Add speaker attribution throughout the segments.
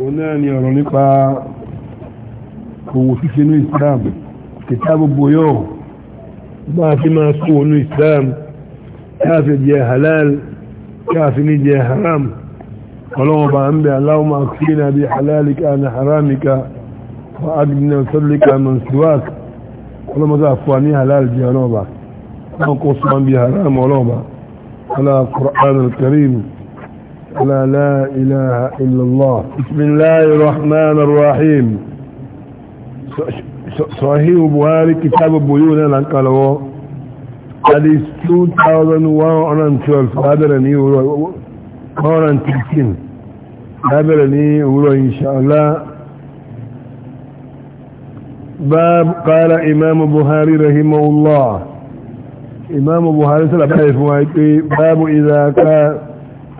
Speaker 1: òun náà ni ọ̀rọ̀ nípa òwò ṣíṣe ní Islam kìtà gbogbo yóò bá fi máa kó òun ní Islam káàfi jẹ halal káàfi ní jẹ haram ọlọ́wọ́ bá ń bẹ aláwọ̀má kí náà bí halalika na haramika wa adìnà sọ́líkà mansuwak ọlọ́mọ́sá fún ní halal jẹ ọlọ́wọ́ bá wọn kó sọ́n bí haram ọlọ́wọ́ bá ala Qur'an لا لا إله إلا الله بسم الله الرحمن الرحيم صحيح بواري كتاب بيونا لنقلوا حديث 2112 هذا قادرني قرن هذا لني ولو إن شاء الله باب قال إمام بهاري رحمه الله إمام بهاري سلام عليه باب إذا كان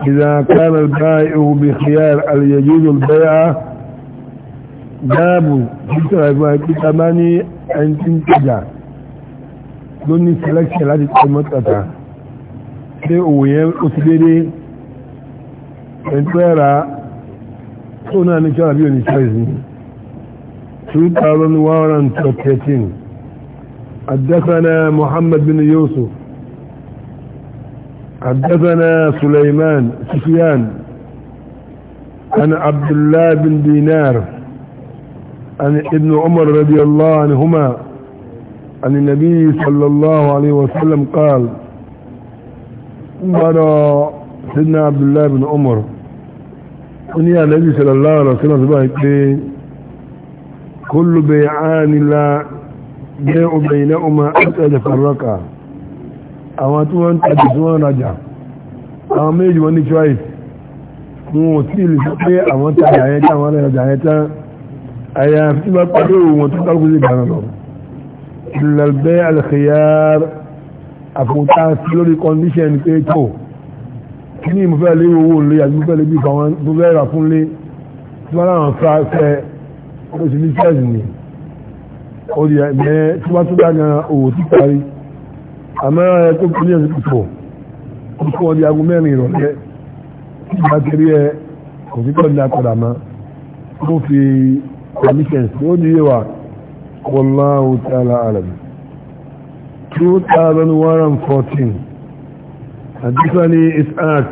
Speaker 1: إذا كان البائع بخيار أن يجوز البيع باب بثماني أن تنتجع لوني سلك شلات المتقطع ṣe òwòyẹn ó ti dédé ẹ̀ntọ́ ẹ̀rà tó náà ní ṣọ́ra bí o ní ṣọ́ìsì 2113 àdẹ́kọ́nà Muhammad bin Yusuf حدثنا سليمان سفيان عن عبد الله بن دينار عن ابن عمر رضي الله عنهما عن النبي صلى الله عليه وسلم قال مرى سيدنا عبد الله بن عمر يا النبي صلى الله عليه وسلم كل بيعان لا بيع بينهما أسأل فرقه àwọn tí wọ́n ń tajà tí wọ́n ń rajà àwọn méjì wọ́n ní choice wọn ò tí lè sọ pé àwọn tajà yẹn tí àwọn rajà yẹn tán àyà tí wọ́n pàdé òun tó kálukú sí ìgbàna lọ. ìlàlbẹ́ alkhiyar àfọ̀tá sí lórí condition pé tó kí ni mo fẹ́ lé owó lé àti mo fẹ́ lé bí fáwọn mo fẹ́ rà fún lé tí wọ́n láwọn fa fẹ́ ó sì ní choice ni ó di ẹ̀ tí wọ́n tún bá gan owó tí parí àmọ́ ẹ̀kọ́ eh, kò ní ẹ̀sìn púpọ̀ ó fún ọdí aago mẹ́rin ìrọ̀lẹ́ ìgbà kiri ẹ kò sí kọ́ ní akọ̀dà mọ́ ó fi commissions ó di yé wa wallahu ta'ala alam 2114 حدثني إسعاك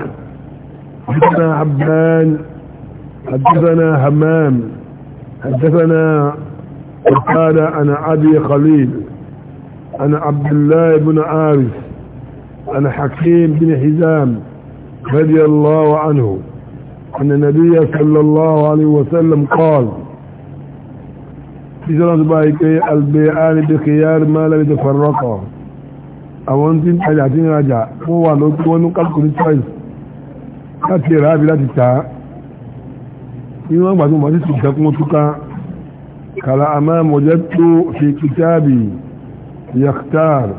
Speaker 1: حدثنا عبان حدثنا همام حدثنا قال أنا أبي خليل أنا عبد الله بن عارف أنا حكيم بن حزام رضي الله عنه أن النبي صلى الله عليه وسلم قال في سنة بايكي البيعان بخيار ما لم يتفرقا أو أنت رجع هو لك ونقل كل شيء láti rà bí láti tàá ní wọ́n gbàtún mọ̀ sí ṣùgbẹ́kún túká kàlà àmá mọ̀jẹ́ tó fi kìtàbí يختار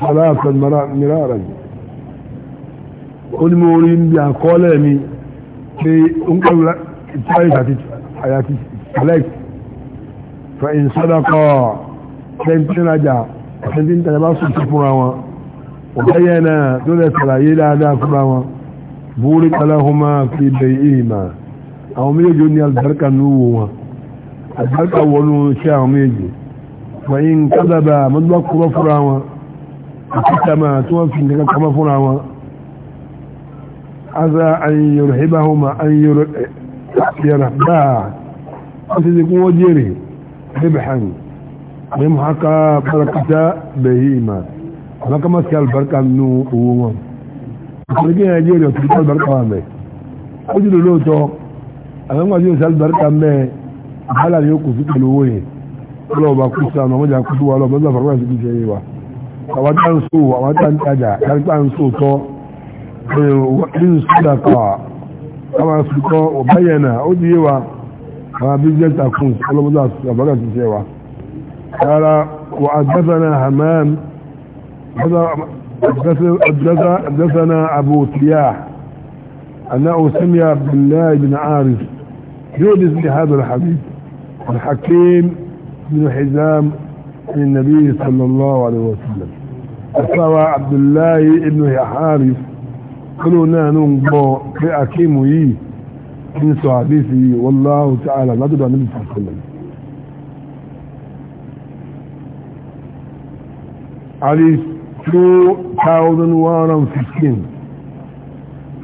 Speaker 1: ثلاثا مرارا قل مورين بها قولامي في انقل الثالثة حياتي عليك فإن صدقا كيف تنجا عشان انت لباسوا تفراوا وبينا دولة سلايل هذا فراوا بورك لهما في بيئيما أو ميجوني البركة نووما البركة ولو شاء ميجي وإن كذب مدلق مفرعوا وكتما توفي لك مفرعوا عسى أن يرحبهما أن يرحبها وتذكوا وجيره ربحا يمحق بركة بهيما لك مسك البركة النوء وكذلك يجيري وتذكوا البركة وامي قلت له لوتو أنا ما جيري سأل البركة مي حالا يوكو فيك الوين ọlọ́ọ̀bá kú sánà wọ́n jà kú sí wa ọlọ́ọ̀bá lọ́fà rẹ̀ síbi jẹ́ wa àwọn tá ń so àwọn tá ń tajà kárípà ń so tọ́ ní sódà kọ́ àwọn asùkọ́ ọ̀báyẹ̀nà ó di yé wa àwọn business accounts ọlọ́ọ̀bá lọ́fà rẹ̀ síbi wa ara wa adásánà hamam adásánà abu tiyah أنه سمع بالله بن عارف جودس لهذا الحديث الحكيم بن حزام عن النبي صلى الله عليه وسلم أصاب عبد الله بن حارث قالوا نحن نبو بأكيمه من صحابته والله تعالى لا تدعى النبي صلى الله عليه وسلم عليه 2115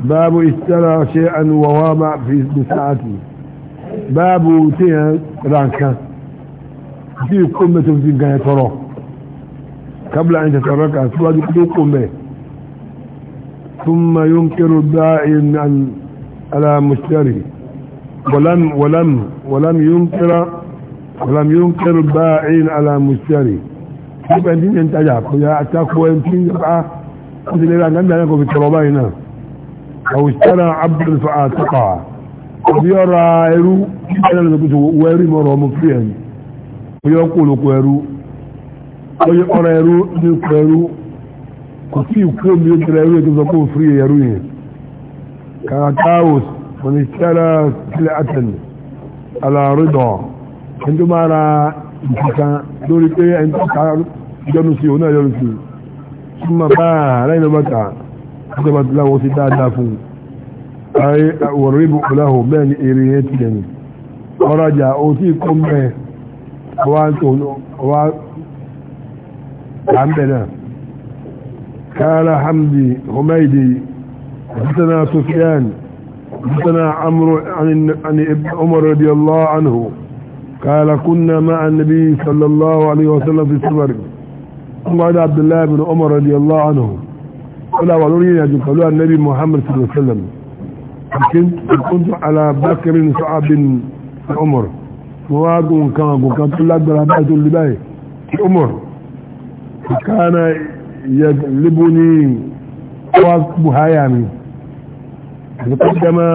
Speaker 1: باب اشترى شيئا ووابع في بساعته باب تيه رانكا tí ìkó mẹ́ tó fi gan ẹ tọrọ kábílà ń tẹ̀sán rẹ̀ kà síwájú kó kó mẹ́ ثم ينكر الداعي على مشتري ولم ولم ولم ينكر ولم ينكر الباعي على مشتري nípa ẹni ní ẹ̀ntà yà kò yà àtàkù ẹni tí yàbá ó ti lera gánà yà kò fi tọrọ báyìí náà àwùsítẹ́rà abdulfa àtàkà àbí ọ̀rọ̀ ẹrú ẹ̀rọ ẹ̀rọ ẹ̀rọ ẹ̀rọ ẹ̀rọ oyè ọkọ olóko ẹrú oyè ọrọ ẹrú ní ikọ ẹrú kò sí ikú omi ó tẹ̀lé ẹrú ìdúró kó fúri ẹrú yẹn kàkàtàwòs wọn ìṣẹ́ra sílẹ̀ àtẹn alárìdọ̀ ẹni tó máa ra ìkìkan lórí pé ẹni tó ká yọnu sí òun náà yọnu sí súnmọ́ bá àárẹ̀ ìlú bàtà ìjọba tó láwọn sí dáadáa fún un ààrẹ wọ̀rọ̀ ìbùkún láhùn bẹ́ẹ̀ ni èrè yẹn ti dẹ̀yìn ọ̀rajà òtí kọ́ mẹ́ẹ̀ عمنا قال حمدي حميدي حدثنا سفيان حدثنا عمرو عن عن ابن عمر رضي الله عنه قال كنا مع النبي صلى الله عليه وسلم في السفر قال عبد الله بن عمر رضي الله عنه قال ولورينا قالوا النبي محمد صلى الله عليه وسلم كنت كنت على بكر بن سعد بن عمر wọ́n wá gùn nǹkan ọ̀gùn kan tó lágbára báyìí tó lè báyìí tí ó mọ̀ ìkáàna yẹ lébó ní wá buhaya mi àtúntò jẹ́mọ́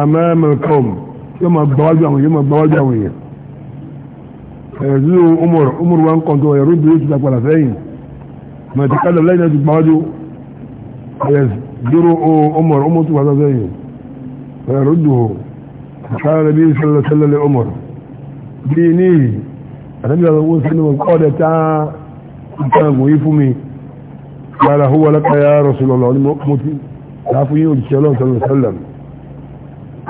Speaker 1: amẹ́mẹ́kọ́m yóò máa gbáwájú àwọn yóò máa gbáwájú àwọn èèyàn ẹ̀rọ sí umar umar wa ń ẹ̀rọ ìbílẹ̀ ti ti kálọ̀ lẹ́yìn náà ti gbáwájú wà sẹ́yìn ẹ̀rọ dùn قال النبي صلى الله عليه وسلم لعمر ديني النبي صلى الله عليه وسلم قال تعالى كان ويفمي قال هو لك يا رسول الله مؤمتي تعفو يقول صلى الله عليه وسلم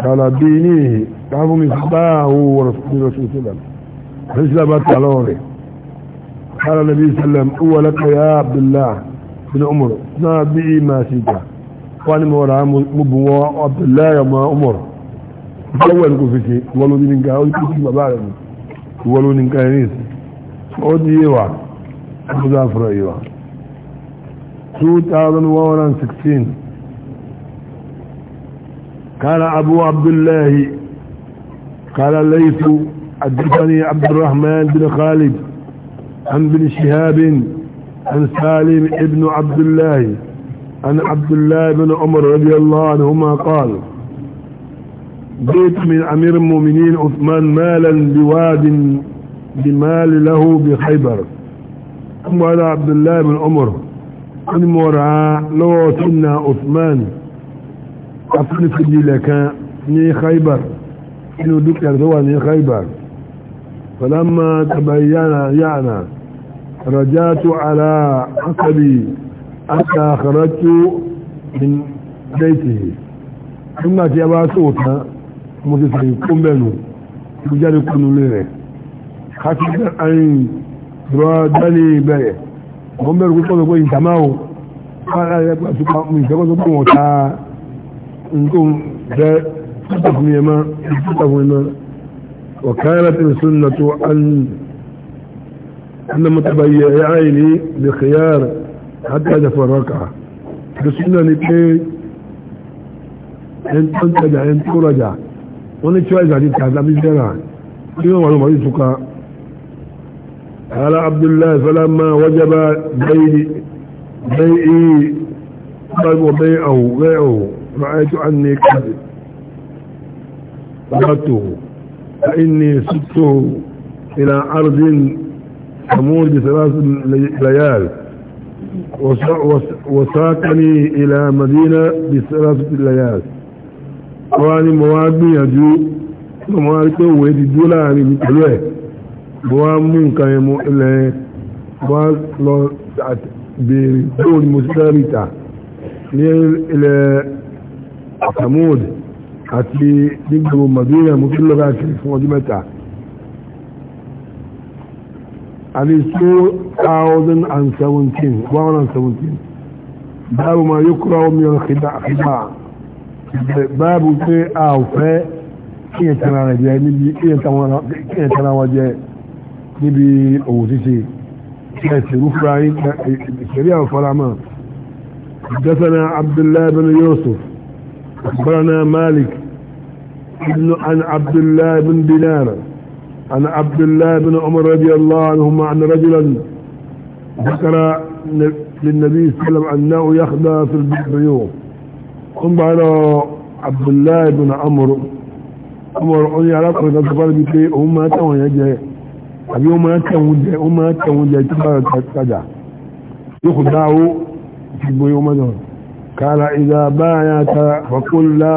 Speaker 1: قال ديني تعفو صباه ورسول الله صلى الله عليه وسلم فسلبت على قال النبي صلى الله عليه وسلم هو لك يا عبد الله بن عمر ما نعم، بي ما سيكا قال مورا مبوا عبد الله يا عمر báwọ̀ kò ní ó ní ó wa dá wa كان أبو عبد الله قال ليث حدثني عبد الرحمن بن خالد عن بن شهاب عن سالم ابن عبد الله عن عبد الله بن عمر رضي الله عنهما قال بيت من أمير المؤمنين عثمان مالا بواد بمال له بخيبر ثم عبد الله بن عمر عن مورا لو سنة عثمان أفن في لك ني خيبر انو ذكر هو ني خيبر فلما تبين يعنى رجعت على عقبي حتى خرجت من بيته ثم جاء صوتنا mo ti fẹ̀yìn kó mẹ́nu mo jáde kúnnú lé rẹ̀ káàkiri jẹ́ àyìn ìrọ̀ dání bẹ̀rẹ̀ wọ́n bẹ̀rù kó sọ́dọ̀ pé ìjàmá o ìṣẹ́kọ́sọ́ pé wọ́n ta nǹkan jẹ́ وكانت السنة أن أن متبيعين بخيار حتى تفرقها السنة نبقى أن تنتجع أن ترجع wọ́n ní choice àti bí jẹ́ra tí wọ́n wọ́n wọ́n túnká ala abdullahi salama wajaba bai'i babu bai'ahu bai'ahu ra'aitu anni qad
Speaker 2: qadatuhu
Speaker 1: fa inni sittuhu ila ardin amur bi thalath layal وساقني إلى مدينة بثلاثة ليال wọ́n ni mo wá gbìyànjú mo wá rí pé òwe ti dúró láàrin mi pẹ̀lú ẹ̀ mo wá mú nǹkan yẹn mo ilẹ̀ mo wá lọ béèrè tó ni mo sí dáríta ní ilẹ̀ àti nígbàgbọ́ madina mo fi lọ́gà kiri fún ọdún mẹ́ta àti 2017 117 báwo ma yóò kúrò omi ọ̀rọ̀ kìdá báàbù pé a ò fẹ́ kíyàn tara rẹ̀ jẹ níbi kíyàn tara wọn jẹ níbi òwò fúra حدثنا عبد الله بن يوسف اخبرنا مالك ابن عن عبد الله بن دينار عن عبد الله بن عمر رضي الله عنهما عن رجلا ذكر للنبي صلى الله عليه وسلم انه يخدع في البيوت ń gbà lọ abdullahi ibn amuru amuru ó ní arákùnrin kan tó bá rí pé òun máa tẹ̀wọ̀n yẹn jẹ àbí ó máa tẹ̀wọ̀n jẹ ó máa tẹ̀wọ̀n jẹ tó bá rẹ̀ tajà yóò kò dáwó ìgbò yóò mọ́jọ kára ìdá báyà ta fàkólá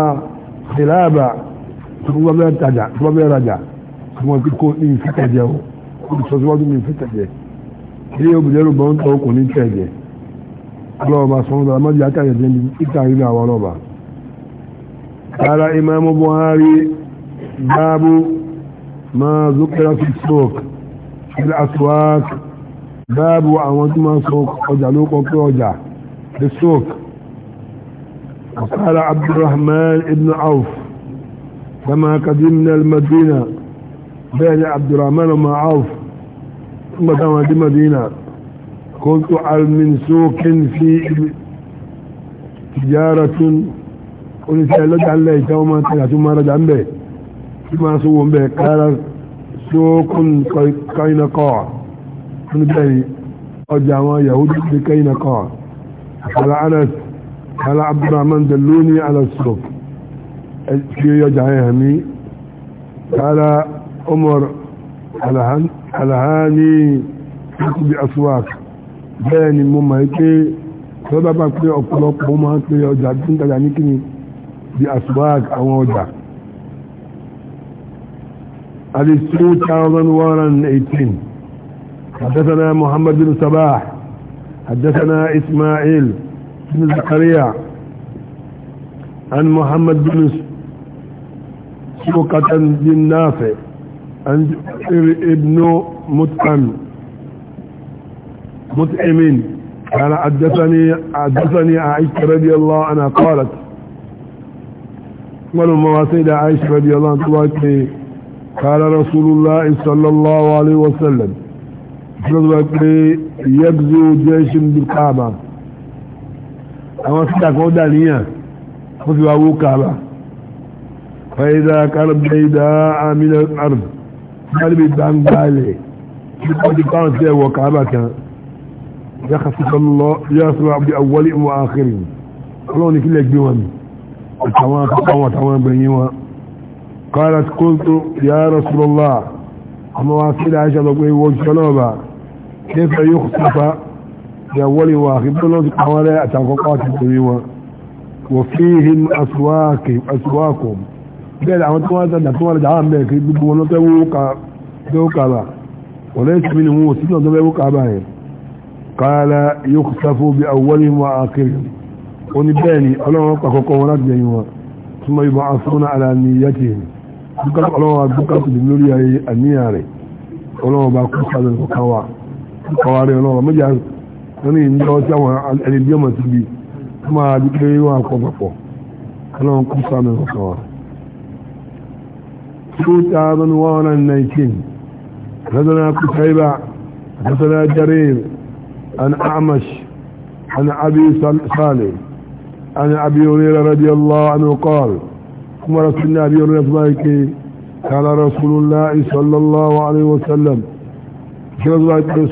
Speaker 1: ìlàbà tó bá bẹ́ẹ̀ rajà ọlọ́ọ̀bá sọ́nà mọ́jú àtàyẹ̀ jẹ́ ìta rí àwọn ọlọ́ọ̀bá ara imam buhari babu ma zukira fi sok il aswak àwọn tí ma ọjà ló kọ́ ọjà fi كنت من سوق في تجارة قلت لك الله يتوما ثم رجع به ثم سوى به قال سوق كينقاع من به أجمع يهود بكينقاع قال أنس قال عبد الرحمن دلوني على السوق في يجعي همي قال عمر على هاني بأسواق bẹ́ẹ̀ ni mo mọ̀ pé tó bá bá pé ọ̀pọ̀lọpọ̀ ó máa ń pe ọjà tó ń tajà ní kíni the aswag àwọn ọjà hadith 2118 حدثنا محمد بن صباح حدثنا اسماعيل بن زكريا عن محمد بن سوقة بن نافع عن ابن متعم مطعم قال حدثني حدثني عائشة رضي الله عنها قالت ولو مواسيد عائشة رضي الله عنها قالت قال رسول الله صلى الله عليه وسلم يبزو جيش بالكعبة أما سيدك ودانية وفي أبو كعبة فإذا كان بيداء من الأرض قال بيدان قال لي كنت كانت وكعبة كان يخفف الله ياسر عبد أول وآخر الله نكل يجبهم وتوان قطوة وتوان بنيوة قالت قلت يا رسول الله أما واصل عائشة بقوي وجنوبة كيف يخصف لأول وآخر الله قوالا أتعقوا قاتل بنيوة وفيهم أسواكهم أسواكهم بيد عمد قوالا نتوالى دعام بيك يبقوا نتوقع دوقع وليس منهم سنة دوقع باهم قال يخسف بأولهم وآخرهم ونباني ألوه أقوى ونباني ثم يبعثون على نيتهم بكرة ألوه بكرة بالنورية النياري ألوه بأقوى هذا القوى القواري ألوه مجال أني إنه سوى عن اليوم سبي ثم ذكري وأقوى بقوى ألوه قوى هذا القوى 2019 نزلنا كتيبة نزلنا جرير عن أعمش عن أبي صالح عن أبي هريرة رضي الله عنه قال أمرت النبي رضي قال رسول الله صلى الله عليه وسلم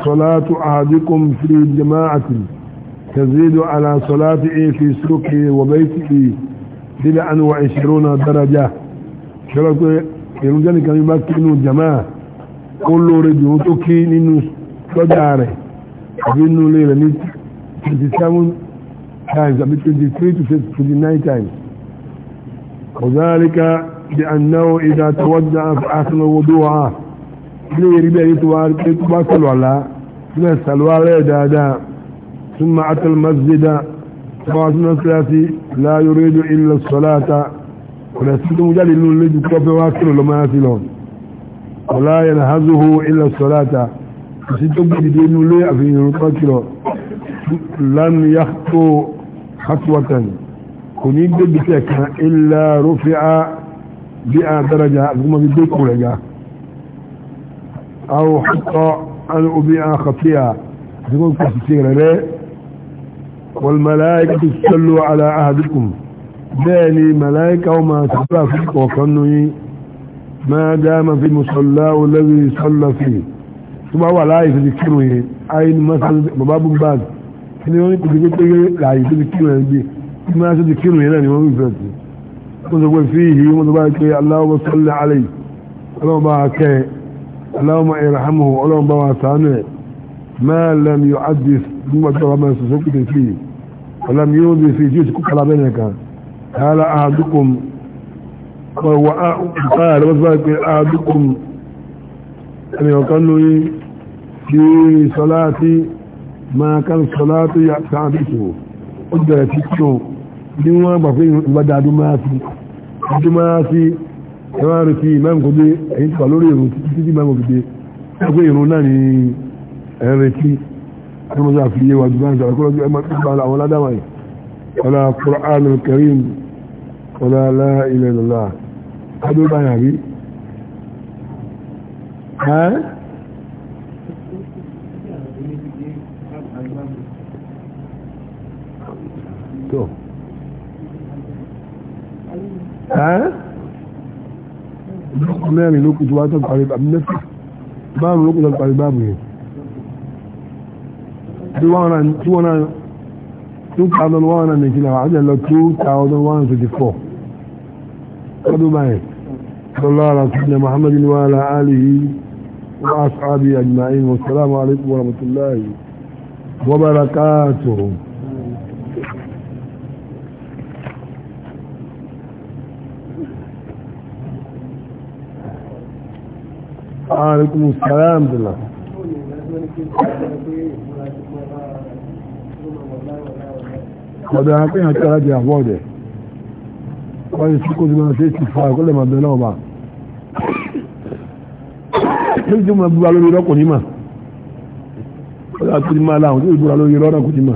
Speaker 1: صلاة أحدكم في جماعة تزيد على صلاته في سوقه وبيته بلا أن وعشرون درجة شرط يرجعني كان يمكن جماعة كل رجل تكي لنسجاره àbí inú ilé rẹ̀ ní 27 times àbí 23 to 29 times ọ̀záríká di annáwó ìdá tọwọ́dá àfihàn wọ́dó wa ilé rí bẹ́ẹ̀ tó bá sọ̀rọ̀ àlá sínú sàlúwà rẹ̀ dáadáa sun ma'atar masjida tọwọ́ sínú síláṣí láyé rédíò ilẹ̀ sọ́láta ọ̀nà sí tó mú jáde nínú lójú tó fẹ́ wá sọ̀rọ̀ lọ́mọ́ kò sí tó gbèdìdì inú ilé àfihàn tó kìlọ̀ lánàá yá tó hatuwatan kò ní gbèdìdì ẹ̀kan ilá rọ́fíà bí a dáraja àgbọ̀mọ́ bí dé kúrẹ̀ ga àwọn ọ̀tọ̀ àwọn obì àwọn kàfíà àti kò kò sì ti rẹ̀rẹ̀ والملائكة تصلوا على أهدكم ذاني ملائكة وما تبقى في القوة ما دام في مصلاه الذي صلى فيه tó bá wà láàyè tó ti kírun yẹn ayé ni mọ́sálásí bàbá bú bá kí ni wọ́n ti gbé pé láàyè tó ti kírun yẹn gbé kí máa tó ti kírun yẹn náà ni wọ́n ń fẹ́ sí wọ́n sọ pé fíìhì wọ́n sọ bá pé Allahumma salli alayhi ọlọ́run bá kẹ́ ẹ Allahumma irhamhu ọlọ́run bá wà sànú ẹ̀ ma lam yu'addis nígbà tó wà máa sọ̀sọ́ kùtẹ̀ sí ọ̀làm yóò dé sí i tí bẹ́ẹ̀ nìkan kala ahadukum wà á kala lọ́wọ́ lóyún في صلاتي ما كان صلاتي تعبته قدرت الشوم لما بفين بدأ دماتي دماتي ẹwàrí tí imam kò dé ẹ̀yìn tí wà lórí ìrùn títí tí imam kò dé ẹgbẹ́ ìrùn náà ni ẹ̀rẹ̀ tí ẹgbẹ́ ìrùn fi yé wà jù báyìí sọ̀rọ̀ kọ́lọ́jú ẹgbẹ́ ìgbà àwọn aládàmà Qur'an al-Karim ọ̀la la ilaha illallah adó báyìí to mẹ́rin ló kù tó wá tó parí bá mẹ́fà báàrùn ló kù tó parí báàrùn yẹn tí wọ́n náà tí wọ́n náà 2119 àwọn àjẹ́lọ 2124 ọdún báyìí sallallahu ala sayyidina muhammadin wa ala alihi wa ashabi ajma'in wa salamu alaikum wa rahmatullahi wa barakatuhu alaikum salam dila ọ̀dọ̀ àwọn akẹ́yàn tí alájẹ àwọ̀ ọ̀dẹ̀ wọ́n yìí tí kò tí wọ́n ṣe ti fa ìkọ́lẹ̀ màbẹ̀ náà bá ní tí wọ́n búra lórí rọ́kùnrin mà ọ̀dọ̀ àti máa láwọn tí wọ́n búra lórí rọ́kùnrin mà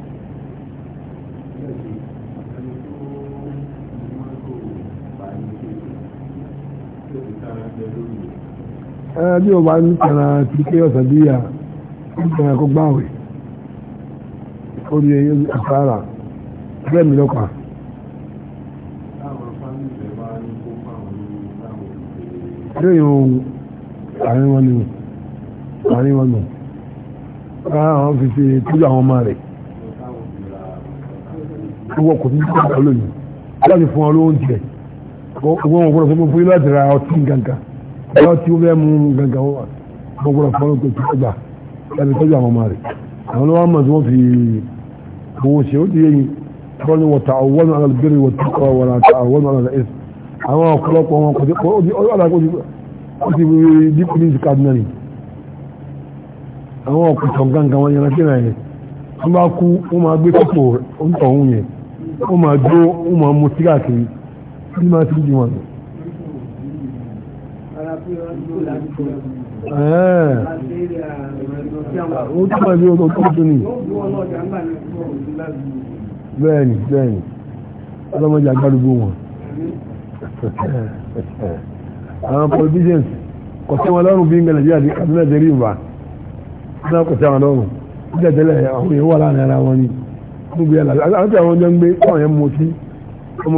Speaker 1: bí o bá ní tara tìkí ọ̀sán bí yà ìgbìmọ̀ ẹ̀kọ́ gbáwẹ̀ orí àfárà bẹ́ẹ̀ mi lọ́kàn. lẹ́yìn ohun àárín wọn ni àárín wọn nù rárá àwọn fi ṣe tójú àwọn ọmọ rẹ̀ wọ́n kò ní kí wọ́n lónìí láti fún ọ lóhùn tiẹ̀ wọ́n wọ́n fún ọ fún ilé àti ọtí nǹkan kan ẹ̀yọ́ tí ó fẹ́ mú gangan wọn gbogbo ọ̀fọ́n kò tí ọjà ẹni tọ́jú àwọn ọmọ rẹ̀ àwọn ọmọ tí wọ́n fi owó ṣe ó ti yé yín wọ́n ni wọ̀ta ọwọ́n náà lóbìnrin wọ̀ta ọwọ́n náà ọwọ́n náà lọ́la ẹ̀sìn àwọn ọ̀pọ̀lọpọ̀ wọn kò tí ó ti di police cardinal àwọn ọ̀pọ̀tọ̀ gangan wọn yẹn lọ́kẹ́ náà yẹn wọ́n bá kú wọ́n máa gbé kọ́pọ̀ ọ̀hún yẹn wọ́n máa dúró wọ́n máa mú sígáàkiri bí máa ti di wọn lọ.
Speaker 2: ó túnbọ̀ bí ó tó ní
Speaker 1: bẹ́ẹ̀ni bẹ́ẹ̀ni ọlọ́mọdé wọn àwọn politicians kò sí wọn lọ́rùn bí ìwà sí àwọn lọ́rùn àwọn láàrin ara wọn ni gbogbo yàrá àti àwọn ọjọ́ ń gbé káwọn yẹn sí ọmọ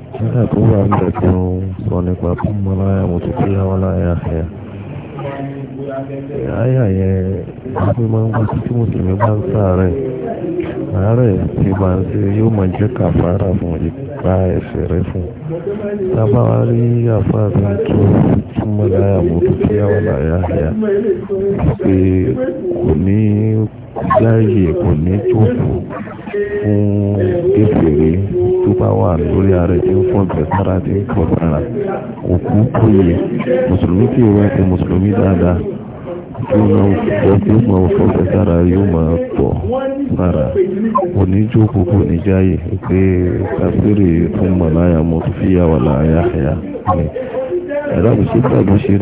Speaker 2: nígbà tó wà ń bẹ̀ tó ń sọ nípa fún mọ́láyà mo ti kílá wọn láyà ẹ̀ àyà yẹn wọ́n máa ń gbọ́ sí tí mùsùlùmí bá ń ṣàárẹ̀ àárẹ̀ tí bá ń ṣe yóò máa jẹ́ kàfàrà fún ìgbà ẹ̀ṣẹ̀ rẹ̀ fún tábàwá rí àfáàfin tó túmọ̀ láyà mo ti kílá wọn láyà ẹ̀ pé kò ní láyè kò ní tó fún fún kékeré tó bá wà lórí ààrẹ tí ó fún ọ̀bẹ̀ sára tí ń pọ̀ sára òkú kóyè mùsùlùmí tí ìwé ẹ̀sìn mùsùlùmí dáadáa tí ó máa fọ́ tí ó máa sára yóò máa tọ̀ sára oníjókòó kò ní pé kásírì fún mọ̀láyà mo fi yà wà ni ẹ̀rọ ló ṣe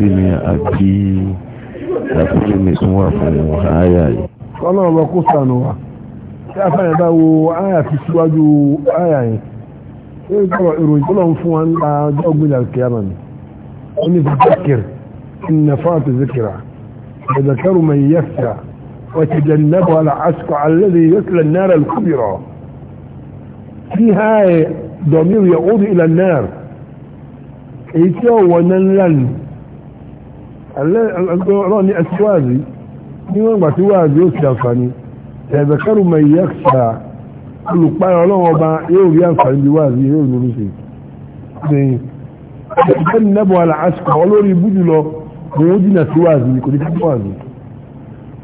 Speaker 1: rí tí afẹ́rẹ́ bá wo àyà fi síwájú àyà yẹn ó ń kọ́ ìròyìn tó lọ́n fún wa ní ọjọ́ ọgbìn alkiyama ni ó ní fi zakir inna fáàtì zikira ìdàkẹ́rù mai yẹ́sà وتجنبها العسكر الذي يتلى النار الكبرى فيها ضمير يعود الى النار ايتو ونلن الله الاسوازي ni wọ́n gbà tí wáàzí ó ti àǹfàní ẹ̀bẹ̀kẹ́rù mọ̀ ìyẹ́ ṣà olùpáyà ọlọ́wọ́ ọba yóò rí àǹfààní bí wà sí yóò lórí sí ẹ̀bẹ̀ nẹ́bọ̀ aláṣkọ̀ olórí ibú jùlọ òun jìnà sí wà sí kò ní kí wà sí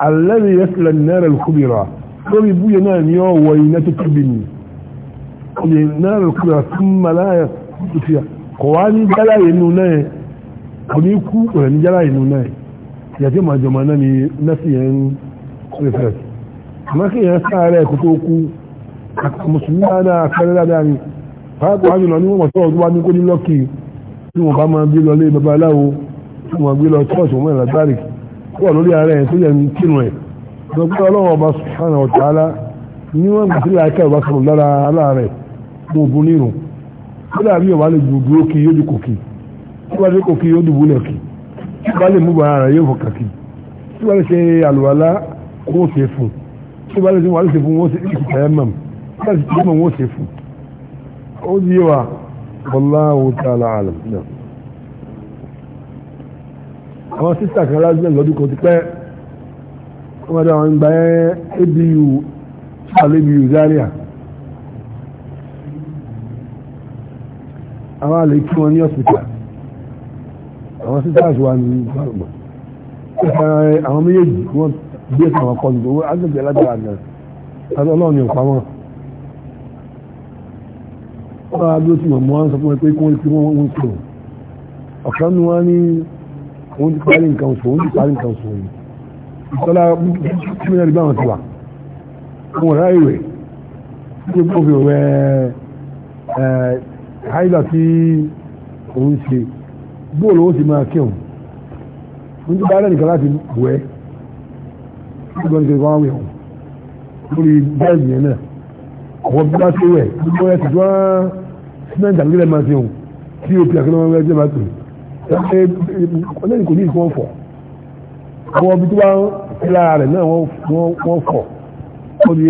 Speaker 1: alẹ́rì yẹ́sìlẹ̀ nẹ́rẹ̀ lùkúbìrà lórí ibú yẹn náà ní ọwọ́ iná tó tóbi ni ọ̀lẹ̀ nẹ́rẹ̀ lùkúbìrà fún maláyà tuntun kò wá ní jáláyé nù náà kò ní kú ọ̀rẹ́ ní jáláyé nù náà ìyàtí màjọ̀mọ́ náà ni nẹ́sì yẹn ń rẹ̀ fẹ́ẹ̀sì maka iya sáàrẹ̀ kò tó kú musulmi náà kẹrẹ dáadáa ni pàápàá hajjù lọ ní wọ́n tọ́ ọdún wá ní kó ní lọ́kì tí wọ́n bá máa gbé lọ lé babaláwo tí wọ́n gbé lọ church wọn mẹ́rin látàrí wọ́n lórí ara ẹ̀ tó yẹ ní kínu ẹ̀ lọ́pẹ́ ọlọ́wọ́ ọba sùhánà ọ̀tàlá ní wọ́n gbèsè láàkà ọba sọ̀rọ̀ lára aláàrẹ̀ mú obun nírun ó dàbí ọba lè dùn dúró kí yóò di kòkì tí wọ́n dé yóò dùbú lẹ̀ kì tí lè mú bàrà yóò fọkà kì tí lè ṣe àlùwàlá kó o ṣe fún un tó bá lè ṣe wà lè ṣe fún wọn ṣe ìṣẹ̀yẹ mọ̀ bá ṣe fún wọn ṣe fún ó di wa wallahu ta'ala alam náà àwọn sísà kan lásìlẹ̀ lọ́dún kan ti pẹ́ wọ́n dá àwọn ìgbà yẹn abu sàlẹ̀bù zaria àwọn àlè kí wọ́n ní ọ̀sìtà àwọn sísà àṣùwà ní ìgbà àwọn méjèèjì wọ́n bí ẹ̀sìn àwọn akọni owó agbègbè alágbára náà tàbí ọlọ́run yóò pamọ́ wọ́n á dúró sọ pé kí wọ́n ti wọ́n ń sọ̀rọ̀ ọ̀kan ni wọ́n ní wọ́n ti parí nǹkan oṣù wọ́n ti parí nǹkan oṣù ìtọ́lá mílíọ̀nù bá wọn ti wà wọn ráyè rẹ̀ tí ó fi rẹ̀ ẹ̀ háìlà ṣe bóòlù ó sì máa kí òun nígbà rẹ̀ nìkan gbogbo nǹkan wọn wẹ̀ wọn lórí bẹ́ẹ̀dì yẹn náà ọ̀wọ́ bí wọ́n ṣe wẹ̀ gbogbo ẹ̀ tí wọ́n sinẹ́ǹtì àgbélẹ̀ máa ṣe wọn tí o pè àkẹ́lẹ́ wọn wẹ́ jẹ́ bá tó lẹ́yìn kò ní ìkọ́ fọ̀ àwọn ọbí tó bá ń lára rẹ̀ náà wọ́n fọ̀ ó di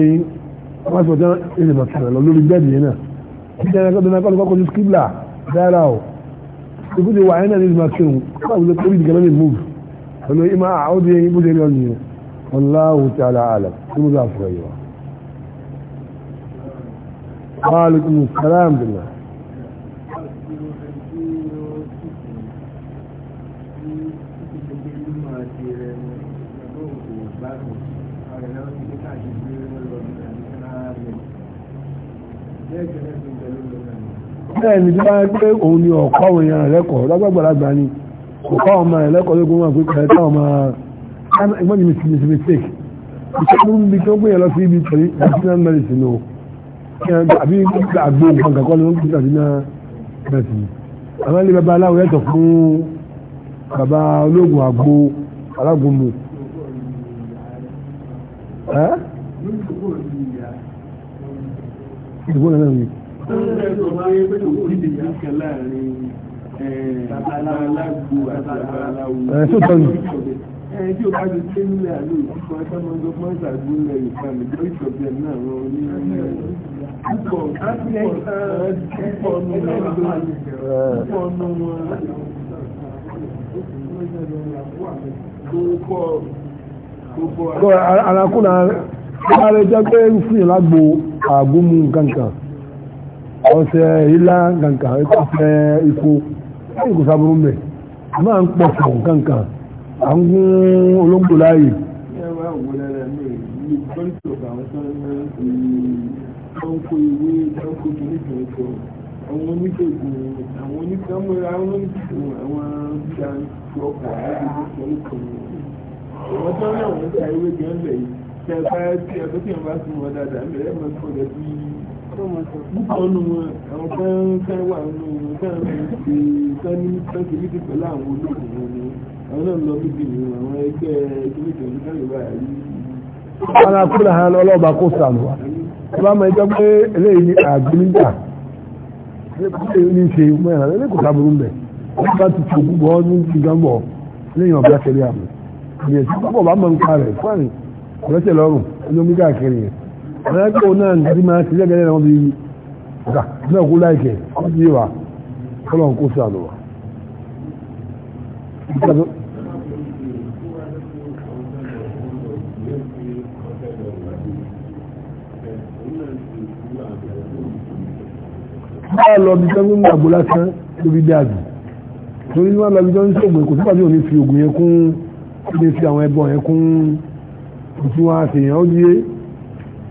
Speaker 1: wọ́n sọ jẹ́ ilẹ̀ màkàrà lọ lórí bẹ́ẹ̀dì yẹn náà kí ni ẹ̀ka dọ́nà kọ́lùkọ́ kojú skibla dára o ìfúnni wà ẹ̀ náà ní ìmọ̀ kírun kọ́lá والله تعالى أعلم المضاف خالد وعليكم السلام بالله ẹni tí wáyé pé òun ni ọ̀kọ́ òun yẹn rẹ̀kọ̀ọ́ lágbàgbàlagbà ni ọ̀kọ́ ọmọ ẹ̀lẹ́kọ̀ọ́ lógún wọn pípẹ́ táwọn máa kan ẹgbọ́n mi ti mi mistake ìṣẹ́gun níbi tó gbé yẹn lọ sí ibi pẹ̀lú national medicine o àbí àgbo nǹkan kankan ló ń kí national medicine àwọn ilé bàbá aláwọ̀ yàtọ̀ fún bàbá ológun àgbo alágúnmu ìgbó náà ni. Ẹ̀sùn tán ni ẹni tí o bá ti dé nílẹ̀ àlò ìdíkan sẹ́mọ́ńdọ́ pọ́ńsà gbólẹ̀ ìfà majority of them náà wọ́n ní ẹgbẹ́ púpọ̀ púpọ̀ nù wọn púpọ̀
Speaker 2: nù wọn púpọ̀ púpọ̀. àràkùnà
Speaker 1: ààrẹ jẹ́ pé ń fún yàn lágbo àgúnmu kankan ọ̀sẹ̀ ìlà kankan ọ̀sẹ̀ ikú ẹ̀yìn kò sábúrú mẹ́ máa ń pọ̀ fún kankan à ń gún olóńgbò láàyè. àwọn oníṣègùn àwọn oníṣègùn àwọn oníṣègùn àwọn bíi àkọkọ àti ìṣòro kan wọn tó ní àwọn oníṣẹ àìwé gan lẹ yìí tí a bá tí a bá tí a bá sùn wọn dáadáa ń bẹ̀rẹ̀ máa ń sọ gẹ́gẹ́ bí púpọ̀ nù wọn àwọn kan kan wà nù wọn kan ń ṣe kan ní pẹ́ẹ́sì pẹ̀lú àwọn olóògùn wọn ni àwọn náà lọ bíbí àwọn ẹgbẹ́ ìgbìmọ̀ ìgbàlùwà yìí. ara kúrò hàn ọlọ́ọ̀bà kó sàmù wa ẹ bá máa jọ pé eléyìí àgbélíjà ní ṣe mọ́ ẹ̀rọ eléyìí kò sábúrú ń bẹ̀ wọ́n bá ti tòkú bọ́ ní ìgbàgbọ́ lẹ́yìn ọ̀bẹ akẹ́lẹ́ àmì ìyẹn tí púpọ̀ bá máa ń pa rẹ̀ fún àrùn ọ̀rẹ́sẹ̀ lọ́rùn olómi káàkiri yẹn báyà lọ bí sẹ́gun ní àgbo lásán ló fi dáa jù torí wọn lọ bí sẹ́gun ní sọ̀gbọ̀n kò sípà tí ò ní fi ògùn yẹn kún ó lè fi àwọn ẹbọ yẹn kún òtún wọn àṣeyàn ó di yé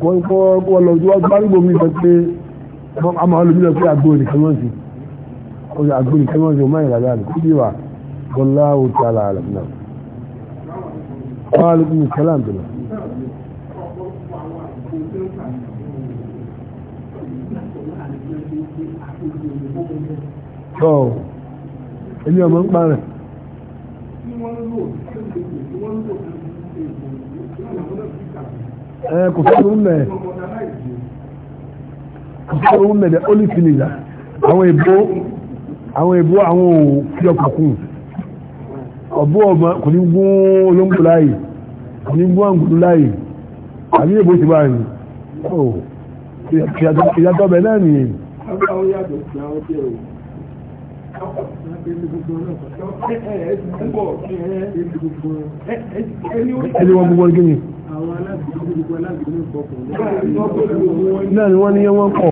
Speaker 1: wọ́n kọ́ wọ́n lọ sí wọ́n gbárùgbò mi sọ pé a máa lóbi lọ pé àgbo nìkan mọ́ sí ọjọ́ àgbo nìkan mọ́ sí ọmọ ìlàdà rẹ̀ kó díwà bọ́lá òtí ara rẹ̀ náà wọ́n á lóbi nìkan tọ́ ẹni ọmọ ń parẹ̀ ẹ kò fẹ́ lóun mẹ́ kò fẹ́ lóun mẹ́ dẹ́ ólì fìlìlà àwọn èbó àwọn èbó àwọn òun fi ọkọ̀ kùn ọ̀bọ̀ ọmọ kò ní gún olóńgbò láàyè kò ní gún àǹgùn láàyè àbí èbó ti báyìí ìyàtọ̀ bẹ̀ náà nìyẹn ọgbàwó yàtọ̀ sí àwọn tí ẹ̀rọ ẹni wọ́n gbogbo gíní náà ni wọ́n ní yẹ́ wọ́n pọ̀